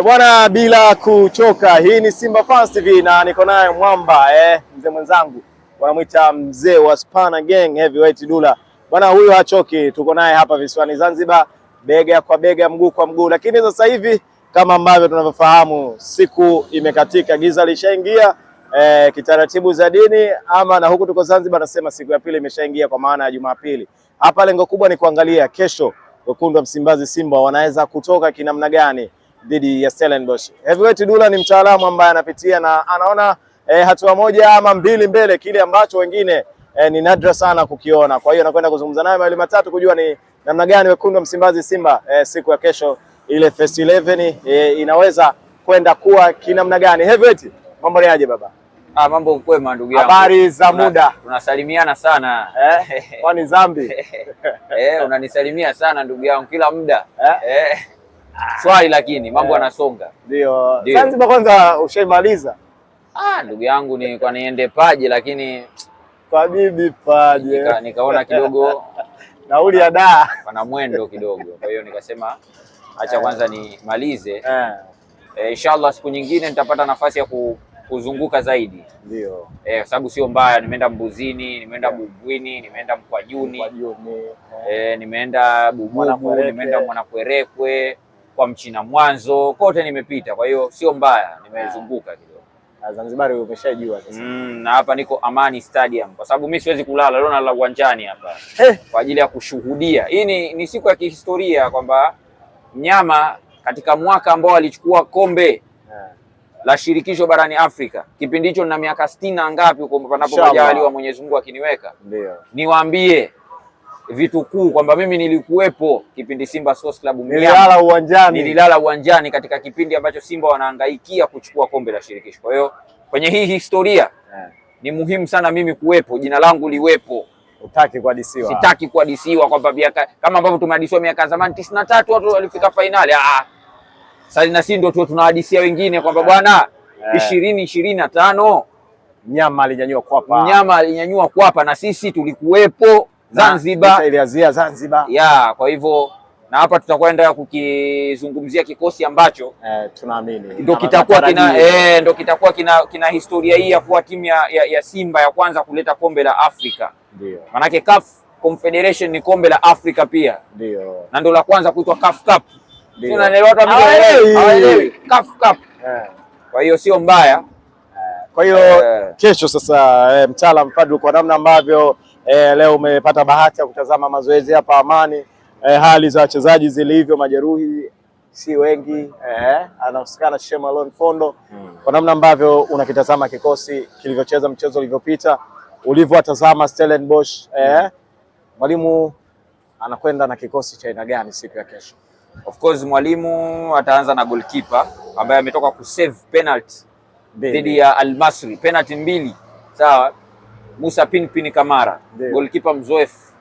Eh, bwana, bila kuchoka, hii ni Simba Fans TV na niko naye mwamba eh, mzee mwenzangu wanamwita mzee wa Spana Gang Heavyweight Dula bwana, huyu hachoki. Tuko naye hapa visiwani Zanzibar, bega kwa bega, mguu kwa mguu. Lakini sasa hivi kama ambavyo tunavyofahamu, siku imekatika, giza lishaingia eh, kitaratibu za dini ama, na huku tuko Zanzibar nasema siku ya pili imeshaingia, kwa maana ya Jumapili. Hapa lengo kubwa ni kuangalia kesho wekundu wa Msimbazi Simba wanaweza kutoka kinamna gani dhidi ya Stellenbosch. Heavyweight Dulla ni mtaalamu ambaye anapitia na anaona e, hatua moja ama mbili mbele, kile ambacho wengine e, ni nadra sana kukiona. Kwa hiyo anakwenda kuzungumza naye mawili matatu kujua ni namna gani wekundu wa Msimbazi Simba e, siku ya kesho ile first 11 e, inaweza kwenda kuwa kinamna gani. Heavyweight, mambo ni aje baba? Ah, mambo kwema ndugu yangu. Habari za muda. Tunasalimiana sana. Eh? Kwani zambi? Eh, unanisalimia sana ndugu yangu kila muda. Eh? Eh? swali lakini mambo eh. yanasonga. Ndio. Zanzibar kwanza ushaimaliza? Ah, ndugu yangu ni kwa niende paje lakini kwa bibi paje. Nika, nikaona kidogo nauli ya da pana mwendo kidogo, kwa hiyo nikasema acha eh. kwanza nimalize. E, inshallah siku nyingine nitapata nafasi ya ku, kuzunguka zaidi ndio, e, kwa sababu sio mbaya. Nimeenda Mbuzini, nimeenda Bugwini, nimeenda Mkwajuni, Mkwajuni. nimeenda Bububu, nimeenda Mwanakwerekwe kwa mchina mwanzo kote nimepita, kwa hiyo sio mbaya, nimezunguka ah. kidogo. Zanzibar umeshajua sasa. Mm, na hapa niko Amani Stadium kwa sababu mimi siwezi kulala leo, nalala uwanjani hapa eh, kwa ajili ya kushuhudia. Hii ni, ni siku ya kihistoria kwamba mnyama katika mwaka ambao alichukua kombe ah. la shirikisho barani Afrika kipindi hicho na miaka sitini na ngapi huko, panapo majaliwa Mwenyezi Mungu akiniweka, niwaambie vitu kuu kwamba mimi nilikuwepo kipindi Simba Sports Club nililala uwanjani, nililala uwanjani katika kipindi ambacho Simba wanahangaikia kuchukua kombe la shirikisho. Kwa hiyo kwenye hii historia yeah, ni muhimu sana mimi kuwepo, jina langu liwepo. Utaki kuadisiwa. Sitaki kuadisiwa kwamba miaka kama ambavyo tumeadisiwa miaka zamani tisini na tatu watu walifika fainali. Ah, ah, sasa na sisi ndio tunahadisia wengine kwamba eh. bwana eh. ishirini ishirini na tano mnyama alinyanyua kwapa, mnyama alinyanyua kwapa na sisi tulikuwepo. Zanzibar, ilianzia Zanzibar ya. Kwa hivyo na hapa tutakwenda kukizungumzia kikosi ambacho eh, tunaamini ndio kitakuwa kina, eh, ndio kitakuwa kina, kina historia hii ya kuwa timu ya, ya, ya Simba ya kwanza kuleta kombe la Afrika. Ndio maanake CAF Confederation ni kombe la Afrika pia, ndio na ndio la kwanza kuitwa CAF Cup. Ndio. watu Hawaelewi CAF Cup. Eh. Kwa hiyo sio mbaya. Eh. Kwa hiyo eh. kesho sasa, eh, mtaalamu Fadlu, kwa namna ambavyo E, leo umepata bahati ya kutazama mazoezi hapa Amani, e, hali za wachezaji zilivyo, majeruhi si wengi eh, anahusikana Shema Lon Fondo hmm. Kwa namna ambavyo unakitazama kikosi kilivyocheza mchezo ulivyopita, ulivyowatazama Stellenbosch eh, mwalimu hmm. anakwenda na kikosi cha aina gani siku ya kesho? Of course mwalimu ataanza na goalkeeper ambaye ametoka kusave penalty dhidi ya Al Masry, penalty mbili sawa Musa Pinpin Kamara goalkeeper mzoefu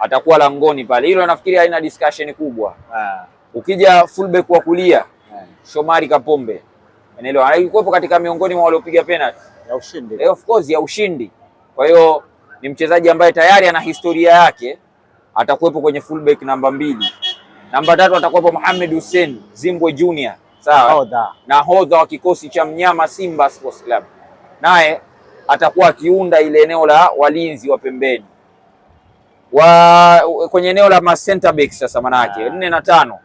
atakuwa langoni pale, hilo nafikiri haina discussion kubwa. ah. Ukija fullback wa kulia ah. Shomari Kapombe, unaelewa, alikuwepo katika miongoni mwa waliopiga penalty ya ushindi. Eh, of course ya ushindi. Kwa hiyo ni mchezaji ambaye tayari ana historia yake, atakuwepo kwenye fullback namba mbili. Namba tatu atakuwepo Mohamed Hussein Zimbwe Junior, sawa, nahodha wa kikosi cha mnyama Simba Sports Club, naye atakuwa akiunda ile eneo la walinzi wa pembeni wa kwenye eneo la ma center back. Sasa manake ah. nne na tano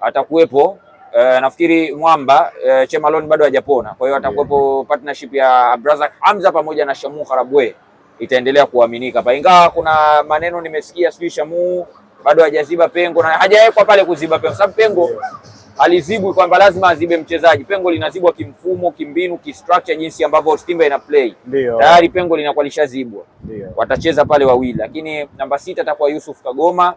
atakuwepo Uh, nafikiri Mwamba uh, eh, Chemalon bado hajapona, kwa hiyo atakuwepo yeah. Partnership ya Abrazak Hamza pamoja na Shamu Karabwe itaendelea kuaminika pa, ingawa kuna maneno nimesikia, sijui Shamu bado hajaziba pengo na hajawekwa pale kuziba pengo sababu pengo yeah alizibu kwamba lazima azibe mchezaji. Pengo linazibwa kimfumo, kimbinu, kistructure, jinsi ambavyo Simba ina play tayari pengo linakuwa lishazibwa, watacheza pale wawili, lakini namba sita atakuwa Yusuf Kagoma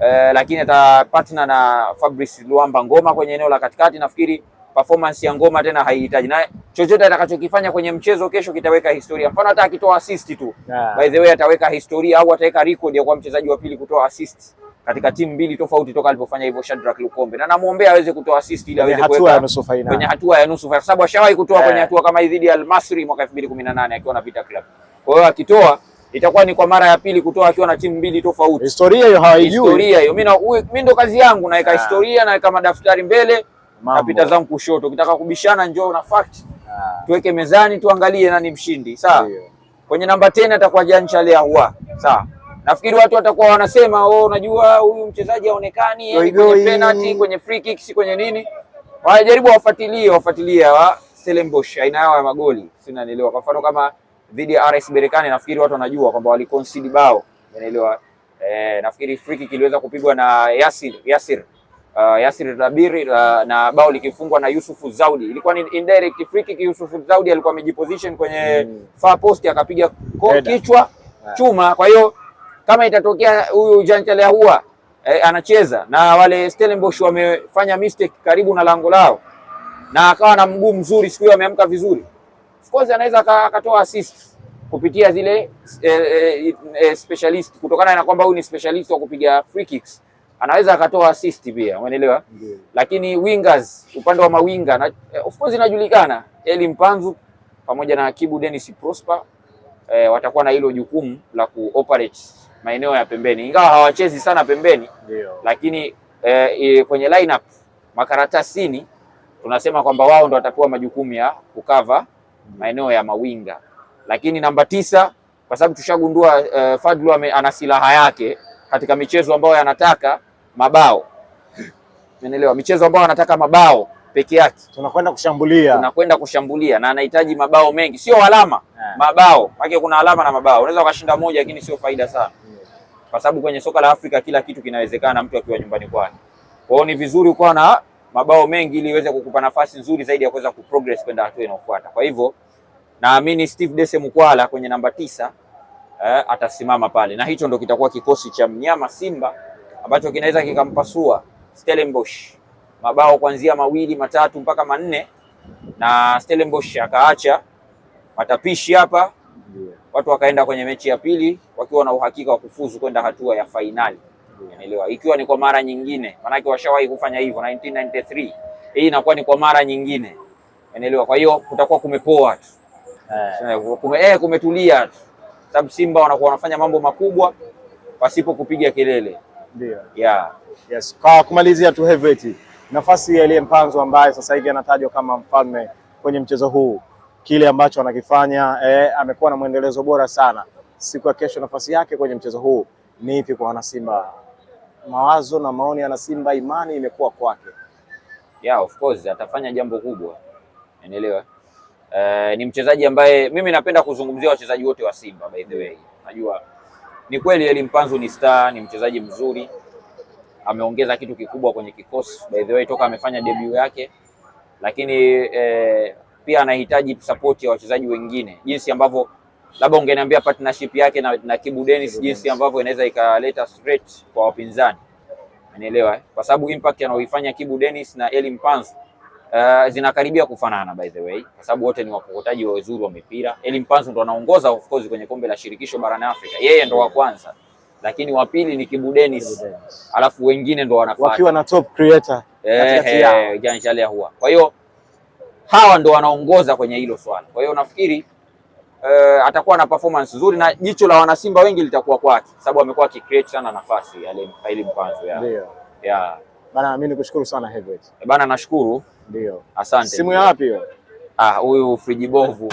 eh, lakini atapatna na Fabrice Luamba Ngoma kwenye eneo la katikati. Nafikiri performance ya Ngoma tena haihitaji na chochote atakachokifanya kwenye mchezo kesho kitaweka historia. Mfano hata akitoa assist tu yeah. By the way ataweka historia au ataweka record ya kuwa mchezaji wa pili kutoa assist katika timu mbili tofauti toka alipofanya hivyo Shadrack Lukombe, na namuombea aweze kutoa assist ili aweze kuweka kwenye hatua ya nusu fainali, sababu ashawahi kutoa yeah, kwenye eh. hatua kama hii dhidi ya Al-Masri mwaka 2018 akiwa na Vita Club. Kwa hiyo akitoa itakuwa ni kwa mara ya pili kutoa akiwa na timu mbili tofauti. Historia hiyo hawaijui. Historia hiyo mimi ndo kazi yangu, naweka yeah, historia, naweka madaftari mbele, napita zangu kushoto. Ukitaka kubishana, njoo na fact yeah, tuweke mezani, tuangalie nani mshindi. Sawa, kwenye namba 10 atakuwa Jan Chale Ahoua. Sawa Nafikiri watu watakuwa wanasema oh, unajua huyu mchezaji haonekani yaani kwenye penalty, kwenye free kick, si kwenye nini. Wajaribu wafuatilie wafuatilie hawa Stellenbosch aina yao ya magoli, sina nielewa. Kwa mfano kama dhidi ya RS Berkane, nafikiri watu wanajua kwamba waliconcede bao, unaelewa. Eh, nafikiri free kick iliweza kupigwa na Yasir Yasir Uh, Yasir Rabiri uh, na bao likifungwa na Yusuf Zaudi. Ilikuwa ni indirect free kick. Yusuf Zaudi alikuwa amejiposition kwenye mm, far post akapiga kichwa yeah, chuma. Kwa hiyo kama itatokea huyu Jean Charles Ahoua e, eh, anacheza na wale Stellenbosch wamefanya mistake karibu na lango lao na akawa na mguu mzuri siku hiyo ameamka vizuri, of course anaweza akatoa assist kupitia zile e, e, e, specialist kutokana na kwamba huyu ni specialist wa kupiga free kicks anaweza akatoa assist pia, umeelewa? Yeah. Lakini wingers, upande wa mawinga na, of course inajulikana Eli Mpanzu pamoja na Kibu Dennis Prosper eh, watakuwa na hilo jukumu la kuoperate maeneo ya pembeni, ingawa hawachezi sana pembeni Dio. Lakini e, e, kwenye lineup makaratasini tunasema kwamba wao ndo watapewa majukumu ya kukava maeneo ya mawinga, lakini namba tisa kwa sababu tushagundua e, Fadlu ana silaha yake katika michezo ambayo anataka mabao Unaelewa, michezo ambayo anataka mabao peke yake, tunakwenda kushambulia, tunakwenda kushambulia na anahitaji mabao mengi, sio alama yeah. Mabao pake kuna alama na mabao, unaweza ukashinda moja, lakini sio faida sana kwa sababu kwenye soka la Afrika kila kitu kinawezekana mtu akiwa nyumbani kwake. Kwa hiyo ni vizuri kuwa na mabao mengi ili iweze kukupa nafasi nzuri zaidi ya kuweza kuprogress kwenda hatua inayofuata. Kwa hivyo naamini Steve Dese Mukwala kwenye namba tisa eh, atasimama pale na hicho ndo kitakuwa kikosi cha mnyama Simba ambacho kinaweza kikampasua Stellenbosch mabao kuanzia mawili matatu mpaka manne na Stellenbosch akaacha matapishi hapa watu wakaenda kwenye mechi ya pili wakiwa na uhakika wa kufuzu kwenda hatua ya fainali, umeelewa? Ikiwa ni kwa mara nyingine, maanake washawahi kufanya hivyo 1993. Hii inakuwa ni kwa mara nyingine, umeelewa? Kwa hiyo kutakuwa kumepoa tu eh, kume, eh, kumetulia tu, sababu Simba wanakuwa wanafanya mambo makubwa pasipo kupiga kelele. Ndio. Yeah. Yes. Kwa kumalizia tu Heavyweight, nafasi ya Elie Mpanzu ambaye sasa hivi anatajwa kama mfalme kwenye mchezo huu kile ambacho anakifanya eh, amekuwa na mwendelezo bora sana. Siku ya kesho nafasi yake kwenye mchezo huu ni ipi kwa wanasimba? Mawazo na maoni ya wanasimba, imani imekuwa kwake. Yeah, of course atafanya jambo kubwa, unaelewa. Uh, ni mchezaji ambaye mimi napenda kuzungumzia wachezaji wote wa Simba by the way. Najua ni kweli Eli Mpanzu ni star, ni mchezaji mzuri, ameongeza kitu kikubwa kwenye kikosi by the way toka amefanya debut yake, lakini eh, pia anahitaji support ya wachezaji wengine, jinsi ambavyo labda ungeniambia partnership yake na, na Kibu Dennis, jinsi ambavyo inaweza ikaleta straight kwa wapinzani, unaelewa eh? Kwa sababu impact anaoifanya Kibu Dennis na Eli Mpanzu uh, eh, zinakaribia kufanana by the way, kwa sababu wote ni wakokotaji wa uzuri wa mipira. Eli Mpanzu ndo anaongoza of course kwenye kombe la shirikisho barani Afrika, yeye ndo wa kwanza lakini wa pili ni Kibu Dennis, alafu wengine ndo wanafuata wakiwa na top creator. Eh, eh, Kwa hiyo hawa ndo wanaongoza kwenye hilo swala. Kwa hiyo nafikiri uh, atakuwa na performance nzuri na jicho la wanasimba wengi litakuwa kwake, sababu amekuwa akicreate sana nafasi ile mpanzo ya. Ndio. Ya. Bana mimi nikushukuru sana Heavyweight. Eh, bana nashukuru. Ndio. Asante. Simu ya wapi hiyo? Ah, huyu Friji Bovu.